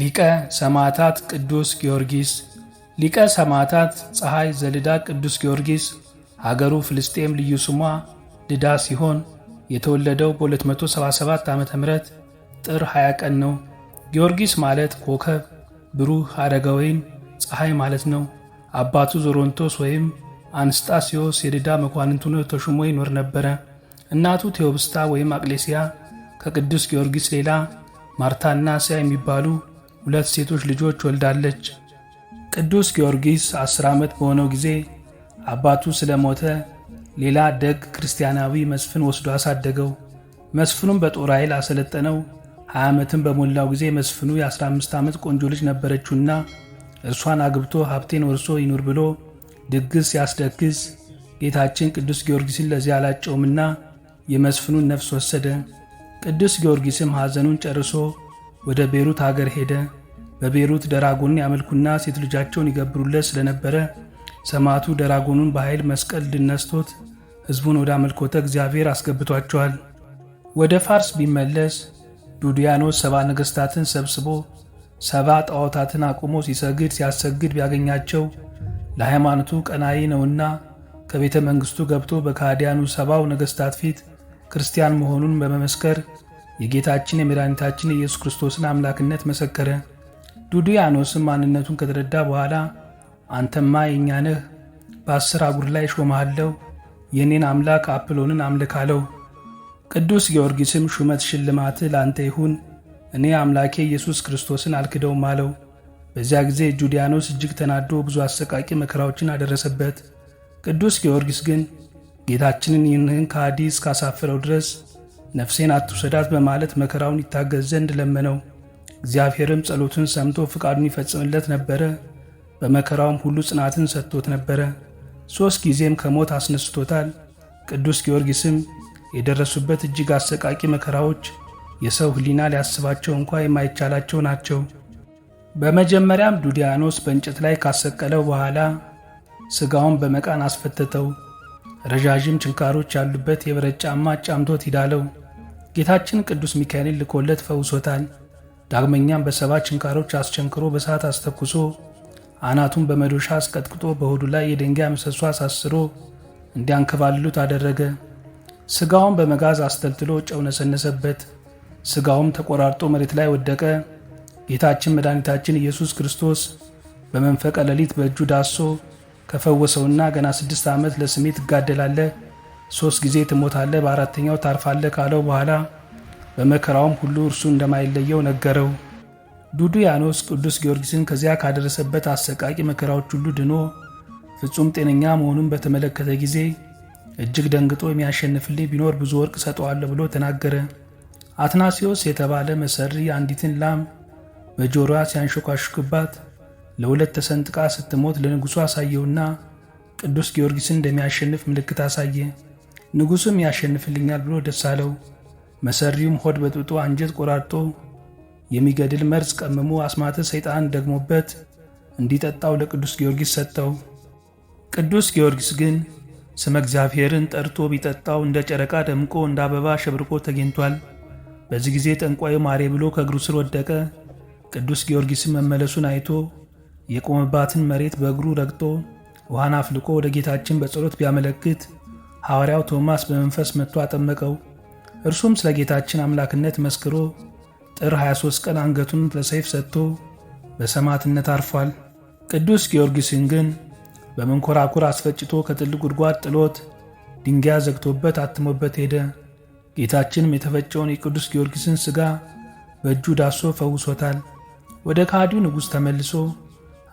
ሊቀ ሰማዕታት ቅዱስ ጊዮርጊስ ሊቀ ሰማዕታት ፀሐይ ዘልዳ ቅዱስ ጊዮርጊስ ሀገሩ ፍልስጤም ልዩ ስሟ ልዳ ሲሆን የተወለደው በ277 ዓ ም ጥር 20 ቀን ነው። ጊዮርጊስ ማለት ኮከብ፣ ብሩህ አደጋ ወይም ፀሐይ ማለት ነው። አባቱ ዞሮንቶስ ወይም አንስጣሲዮስ የልዳ መኳንንት ሆኖ ተሹሞ ይኖር ነበረ። እናቱ ቴዎብስታ ወይም አቅሌስያ ከቅዱስ ጊዮርጊስ ሌላ ማርታና ሲያ የሚባሉ ሁለት ሴቶች ልጆች ወልዳለች። ቅዱስ ጊዮርጊስ አስር ዓመት በሆነው ጊዜ አባቱ ስለሞተ ሌላ ደግ ክርስቲያናዊ መስፍን ወስዶ አሳደገው። መስፍኑም በጦር ኃይል አሰለጠነው። ሀያ ዓመትም በሞላው ጊዜ መስፍኑ የ15 ዓመት ቆንጆ ልጅ ነበረችውና እርሷን አግብቶ ሀብቴን ወርሶ ይኑር ብሎ ድግስ ያስደግስ ጌታችን ቅዱስ ጊዮርጊስን ለዚያ አላጨውምና የመስፍኑን ነፍስ ወሰደ። ቅዱስ ጊዮርጊስም ሐዘኑን ጨርሶ ወደ ቤሩት አገር ሄደ። በቤሩት ደራጎን ያመልኩና ሴት ልጃቸውን ይገብሩለት ስለነበረ ሰማዕቱ ደራጎኑን በኃይል መስቀል ድል ነስቶት ሕዝቡን ወደ አመልኮተ እግዚአብሔር አስገብቷቸዋል። ወደ ፋርስ ቢመለስ ዱድያኖስ ሰባ ነገሥታትን ሰብስቦ ሰባ ጣዖታትን አቁሞ ሲሰግድ ሲያሰግድ ቢያገኛቸው ለሃይማኖቱ ቀናይ ነውና ከቤተ መንግሥቱ ገብቶ በካህዲያኑ ሰባው ነገሥታት ፊት ክርስቲያን መሆኑን በመመስከር የጌታችን የመድኃኒታችን የኢየሱስ ክርስቶስን አምላክነት መሰከረ። ዱድያኖስም ማንነቱን ከተረዳ በኋላ አንተማ የእኛ ነህ፣ በአስር አጉር ላይ ሾመሃለሁ፣ የእኔን አምላክ አፕሎንን አምልክ አለው። ቅዱስ ጊዮርጊስም ሹመት ሽልማት ላንተ ይሁን፣ እኔ አምላኬ ኢየሱስ ክርስቶስን አልክደውም አለው። በዚያ ጊዜ ጁዲያኖስ እጅግ ተናዶ ብዙ አሰቃቂ መከራዎችን አደረሰበት። ቅዱስ ጊዮርጊስ ግን ጌታችንን ይህንን ከአዲስ ካሳፈረው ድረስ ነፍሴን አትውሰዳት በማለት መከራውን ይታገስ ዘንድ ለመነው። እግዚአብሔርም ጸሎቱን ሰምቶ ፍቃዱን ይፈጽምለት ነበረ። በመከራውም ሁሉ ጽናትን ሰጥቶት ነበረ። ሦስት ጊዜም ከሞት አስነስቶታል። ቅዱስ ጊዮርጊስም የደረሱበት እጅግ አሰቃቂ መከራዎች የሰው ሕሊና ሊያስባቸው እንኳ የማይቻላቸው ናቸው። በመጀመሪያም ዱዲያኖስ በእንጨት ላይ ካሰቀለው በኋላ ሥጋውን በመቃን አስፈተተው። ረዣዥም ችንካሮች ያሉበት የብረት ጫማ ጫምቶት ሂዳለው። ጌታችን ቅዱስ ሚካኤል ልኮለት ፈውሶታል። ዳግመኛም በሰባ ችንካሮች አስቸንክሮ በሰዓት አስተኩሶ አናቱን በመዶሻ አስቀጥቅጦ በሆዱ ላይ የድንጋይ ምሰሶ አሳስሮ እንዲያንከባልሉት አደረገ። ስጋውን በመጋዝ አስተልትሎ ጨው ነሰነሰበት። ሥጋውም ተቆራርጦ መሬት ላይ ወደቀ። ጌታችን መድኃኒታችን ኢየሱስ ክርስቶስ በመንፈቀ ሌሊት በእጁ ዳሶ ከፈወሰውና ገና ስድስት ዓመት ለስሜ ትጋደላለህ ሶስት ጊዜ ትሞታለህ በአራተኛው ታርፋለህ ካለው በኋላ በመከራውም ሁሉ እርሱ እንደማይለየው ነገረው። ያኖስ ቅዱስ ጊዮርጊስን ከዚያ ካደረሰበት አሰቃቂ መከራዎች ሁሉ ድኖ ፍጹም ጤነኛ መሆኑን በተመለከተ ጊዜ እጅግ ደንግጦ የሚያሸንፍልኝ ቢኖር ብዙ ወርቅ ሰጠዋለሁ ብሎ ተናገረ። አትናሲዮስ የተባለ መሰሪ አንዲትን ላም በጆሮዋ ሲያንሾካሹክባት ለሁለት ተሰንጥቃ ስትሞት ለንጉሡ አሳየውና ቅዱስ ጊዮርጊስን እንደሚያሸንፍ ምልክት አሳየ። ንጉሡም ያሸንፍልኛል ብሎ ደስ አለው። መሰሪውም ሆድ በጥብጦ አንጀት ቆራርጦ የሚገድል መርዝ ቀምሞ አስማተ ሰይጣን ደግሞበት እንዲጠጣው ለቅዱስ ጊዮርጊስ ሰጠው። ቅዱስ ጊዮርጊስ ግን ስመ እግዚአብሔርን ጠርቶ ቢጠጣው እንደ ጨረቃ ደምቆ እንደ አበባ ሸብርቆ ተገኝቷል። በዚህ ጊዜ ጠንቋዩ ማሬ ብሎ ከእግሩ ስር ወደቀ። ቅዱስ ጊዮርጊስን መመለሱን አይቶ የቆመባትን መሬት በእግሩ ረግጦ ውሃን አፍልቆ ወደ ጌታችን በጸሎት ቢያመለክት ሐዋርያው ቶማስ በመንፈስ መጥቶ አጠመቀው። እርሱም ስለ ጌታችን አምላክነት መስክሮ ጥር 23 ቀን አንገቱን ለሰይፍ ሰጥቶ በሰማዕትነት አርፏል። ቅዱስ ጊዮርጊስን ግን በመንኮራኩር አስፈጭቶ ከጥልቅ ጉድጓድ ጥሎት ድንጋይ ዘግቶበት አትሞበት ሄደ። ጌታችንም የተፈጨውን የቅዱስ ጊዮርጊስን ሥጋ በእጁ ዳሶ ፈውሶታል። ወደ ካዲው ንጉሥ ተመልሶ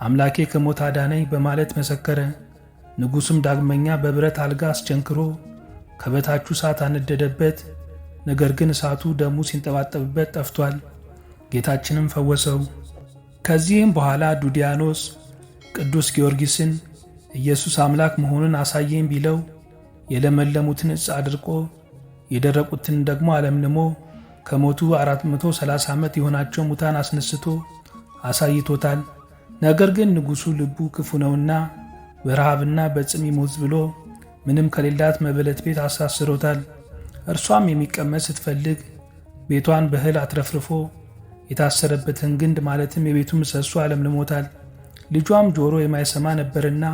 አምላኬ ከሞት አዳነኝ በማለት መሰከረ። ንጉሱም ዳግመኛ በብረት አልጋ አስቸንክሮ ከበታቹ እሳት አነደደበት። ነገር ግን እሳቱ ደሙ ሲንጠባጠብበት ጠፍቷል። ጌታችንም ፈወሰው። ከዚህም በኋላ ዱዲያኖስ ቅዱስ ጊዮርጊስን ኢየሱስ አምላክ መሆኑን አሳየኝ ቢለው የለመለሙትን እጽ አድርቆ የደረቁትን ደግሞ አለምልሞ ከሞቱ 430 ዓመት የሆናቸው ሙታን አስነስቶ አሳይቶታል። ነገር ግን ንጉሡ ልቡ ክፉ ነውና በረሃብና በጽም ይሞት ብሎ ምንም ከሌላት መበለት ቤት አሳስሮታል። እርሷም የሚቀመጥ ስትፈልግ ቤቷን በእህል አትረፍርፎ የታሰረበትን ግንድ ማለትም የቤቱ ምሰሶ አለምልሞታል። ልጇም ጆሮ የማይሰማ ነበርና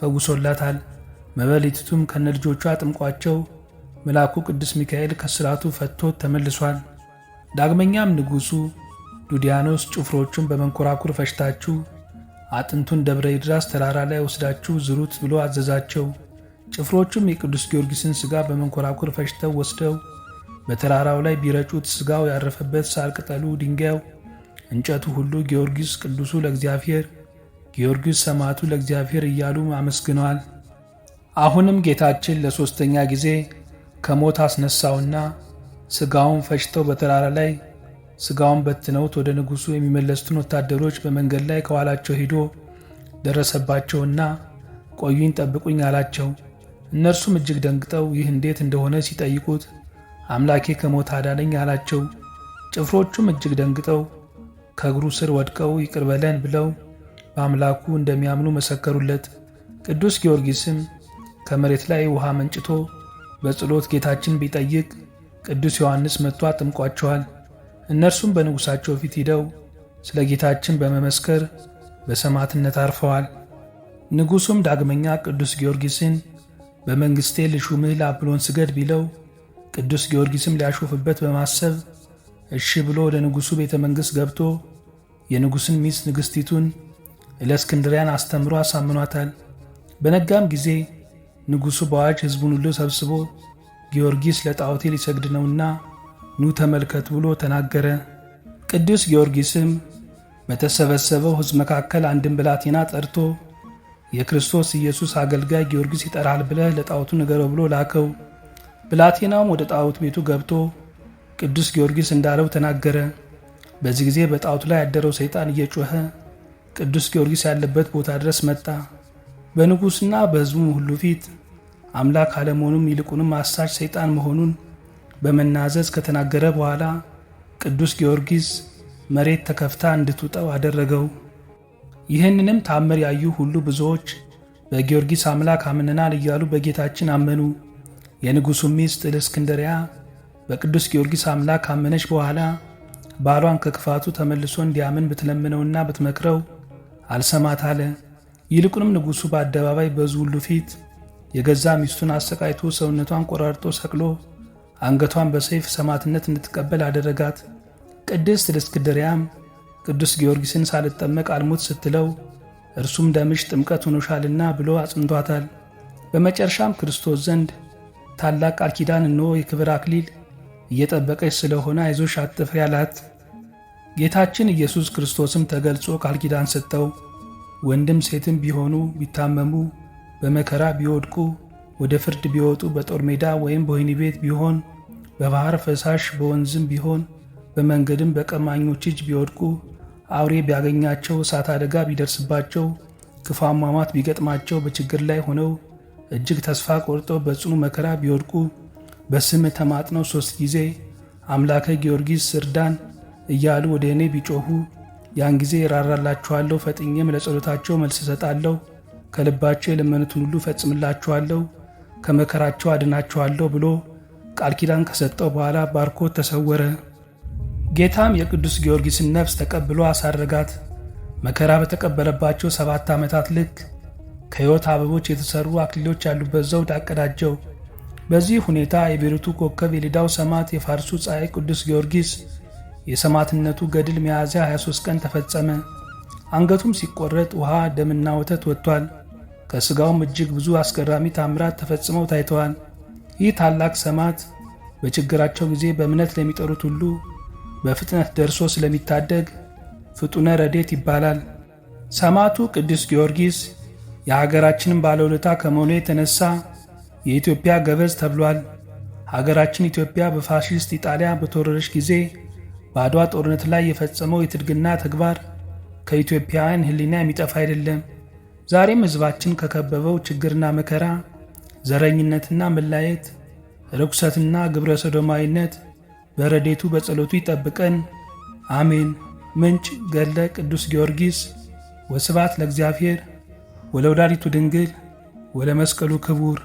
ፈውሶላታል። መበለቲቱም ከነ ልጆቿ አጥምቋቸው መልአኩ ቅዱስ ሚካኤል ከስራቱ ፈቶት ተመልሷል። ዳግመኛም ንጉሡ ዱዲያኖስ ጭፍሮቹን በመንኮራኩር ፈሽታችሁ አጥንቱን ደብረ ይድራስ ተራራ ላይ ወስዳችሁ ዝሩት ብሎ አዘዛቸው። ጭፍሮቹም የቅዱስ ጊዮርጊስን ሥጋ በመንኮራኩር ፈጭተው ወስደው በተራራው ላይ ቢረጩት ሥጋው ያረፈበት ሳር፣ ቅጠሉ፣ ድንጋዩ፣ እንጨቱ ሁሉ ጊዮርጊስ ቅዱሱ ለእግዚአብሔር፣ ጊዮርጊስ ሰማዕቱ ለእግዚአብሔር እያሉ አመስግነዋል። አሁንም ጌታችን ለሦስተኛ ጊዜ ከሞት አስነሳውና ሥጋውን ፈጭተው በተራራ ላይ ስጋውን በትነውት ወደ ንጉሱ የሚመለሱትን ወታደሮች በመንገድ ላይ ከኋላቸው ሄዶ ደረሰባቸውና ቆዩኝ፣ ጠብቁኝ አላቸው። እነርሱም እጅግ ደንግጠው ይህ እንዴት እንደሆነ ሲጠይቁት አምላኬ ከሞት አዳነኝ አላቸው። ጭፍሮቹም እጅግ ደንግጠው ከእግሩ ስር ወድቀው ይቅር በለን ብለው በአምላኩ እንደሚያምኑ መሰከሩለት። ቅዱስ ጊዮርጊስም ከመሬት ላይ ውሃ መንጭቶ በጸሎት ጌታችን ቢጠይቅ ቅዱስ ዮሐንስ መጥቶ አጥምቋቸዋል። እነርሱም በንጉሣቸው ፊት ሂደው ስለ ጌታችን በመመስከር በሰማዕትነት አርፈዋል። ንጉሡም ዳግመኛ ቅዱስ ጊዮርጊስን በመንግሥቴ ልሹምህ አብሎን ስገድ ቢለው ቅዱስ ጊዮርጊስም ሊያሾፍበት በማሰብ እሺ ብሎ ወደ ንጉሡ ቤተ መንግሥት ገብቶ የንጉሥን ሚስት ንግሥቲቱን ለእስክንድሪያን አስተምሮ አሳምኗታል። በነጋም ጊዜ ንጉሡ በዋጅ ሕዝቡን ሁሉ ሰብስቦ ጊዮርጊስ ለጣዖቴ ሊሰግድ ነውና ኑ ተመልከት ብሎ ተናገረ። ቅዱስ ጊዮርጊስም በተሰበሰበው ሕዝብ መካከል አንድን ብላቴና ጠርቶ የክርስቶስ ኢየሱስ አገልጋይ ጊዮርጊስ ይጠራል ብለህ ለጣዖቱ ንገረው ብሎ ላከው። ብላቴናውም ወደ ጣዖት ቤቱ ገብቶ ቅዱስ ጊዮርጊስ እንዳለው ተናገረ። በዚህ ጊዜ በጣዖቱ ላይ ያደረው ሰይጣን እየጮኸ ቅዱስ ጊዮርጊስ ያለበት ቦታ ድረስ መጣ። በንጉሥና በሕዝቡም ሁሉ ፊት አምላክ አለመሆኑም ይልቁንም አሳች ሰይጣን መሆኑን በመናዘዝ ከተናገረ በኋላ ቅዱስ ጊዮርጊስ መሬት ተከፍታ እንድትውጠው አደረገው። ይህንንም ታምር ያዩ ሁሉ ብዙዎች በጊዮርጊስ አምላክ አምነናል እያሉ በጌታችን አመኑ። የንጉሡ ሚስት እልእስክንድርያ በቅዱስ ጊዮርጊስ አምላክ ካመነች በኋላ ባሏን ከክፋቱ ተመልሶ እንዲያምን ብትለምነውና ብትመክረው አልሰማት አለ። ይልቁንም ንጉሡ በአደባባይ በዙ ሁሉ ፊት የገዛ ሚስቱን አሰቃይቶ ሰውነቷን ቆራርጦ ሰቅሎ አንገቷን በሰይፍ ሰማዕትነት እንድትቀበል አደረጋት። ቅድስት ለእስክንድርያም ቅዱስ ጊዮርጊስን ሳልጠመቅ አልሞት ስትለው እርሱም ደምሽ ጥምቀት ሆኖሻልና ብሎ አጽንቷታል። በመጨረሻም ክርስቶስ ዘንድ ታላቅ ቃል ኪዳን እንሆ የክብር አክሊል እየጠበቀች ስለሆነ አይዞሽ አትፍሪ አላት። ጌታችን ኢየሱስ ክርስቶስም ተገልጾ ቃል ኪዳን ሰጠው። ወንድም ሴትም ቢሆኑ ቢታመሙ፣ በመከራ ቢወድቁ ወደ ፍርድ ቢወጡ በጦር ሜዳ ወይም በወህኒ ቤት ቢሆን በባህር ፈሳሽ በወንዝም ቢሆን በመንገድም በቀማኞች እጅ ቢወድቁ አውሬ ቢያገኛቸው እሳት አደጋ ቢደርስባቸው ክፉ አሟሟት ቢገጥማቸው በችግር ላይ ሆነው እጅግ ተስፋ ቆርጠው በጽኑ መከራ ቢወድቁ በስም ተማጥነው ሦስት ጊዜ አምላከ ጊዮርጊስ እርዳን እያሉ ወደ እኔ ቢጮኹ ያን ጊዜ እራራላችኋለሁ፣ ፈጥኜም ለጸሎታቸው መልስ እሰጣለሁ፣ ከልባቸው የለመኑትን ሁሉ እፈጽምላችኋለሁ ከመከራቸው አድናቸዋለሁ ብሎ ቃል ኪዳን ከሰጠው በኋላ ባርኮት ተሰወረ። ጌታም የቅዱስ ጊዮርጊስን ነፍስ ተቀብሎ አሳረጋት። መከራ በተቀበለባቸው ሰባት ዓመታት ልክ ከሕይወት አበቦች የተሠሩ አክሊሎች ያሉበት ዘውድ አቀዳጀው። በዚህ ሁኔታ የቤሩቱ ኮከብ የሌዳው ሰማዕት የፋርሱ ፀሐይ ቅዱስ ጊዮርጊስ የሰማዕትነቱ ገድል ሚያዝያ 23 ቀን ተፈጸመ። አንገቱም ሲቆረጥ ውሃ፣ ደምና ወተት ወጥቷል። ከሥጋውም እጅግ ብዙ አስገራሚ ታምራት ተፈጽመው ታይተዋል። ይህ ታላቅ ሰማዕት በችግራቸው ጊዜ በእምነት ለሚጠሩት ሁሉ በፍጥነት ደርሶ ስለሚታደግ ፍጡነ ረዴት ይባላል። ሰማዕቱ ቅዱስ ጊዮርጊስ የሀገራችንን ባለውለታ ከመሆኑ የተነሳ የኢትዮጵያ ገበዝ ተብሏል። ሀገራችን ኢትዮጵያ በፋሽስት ኢጣሊያ በተወረረች ጊዜ በአድዋ ጦርነት ላይ የፈጸመው የትድግና ተግባር ከኢትዮጵያውያን ሕሊና የሚጠፋ አይደለም። ዛሬም ሕዝባችን ከከበበው ችግርና መከራ፣ ዘረኝነትና መላየት፣ ርኩሰትና ግብረ ሰዶማዊነት በረዴቱ በጸሎቱ ይጠብቀን። አሜን። ምንጭ ገድለ ቅዱስ ጊዮርጊስ። ወስብሐት ለእግዚአብሔር ወለወላዲቱ ድንግል ወለመስቀሉ ክቡር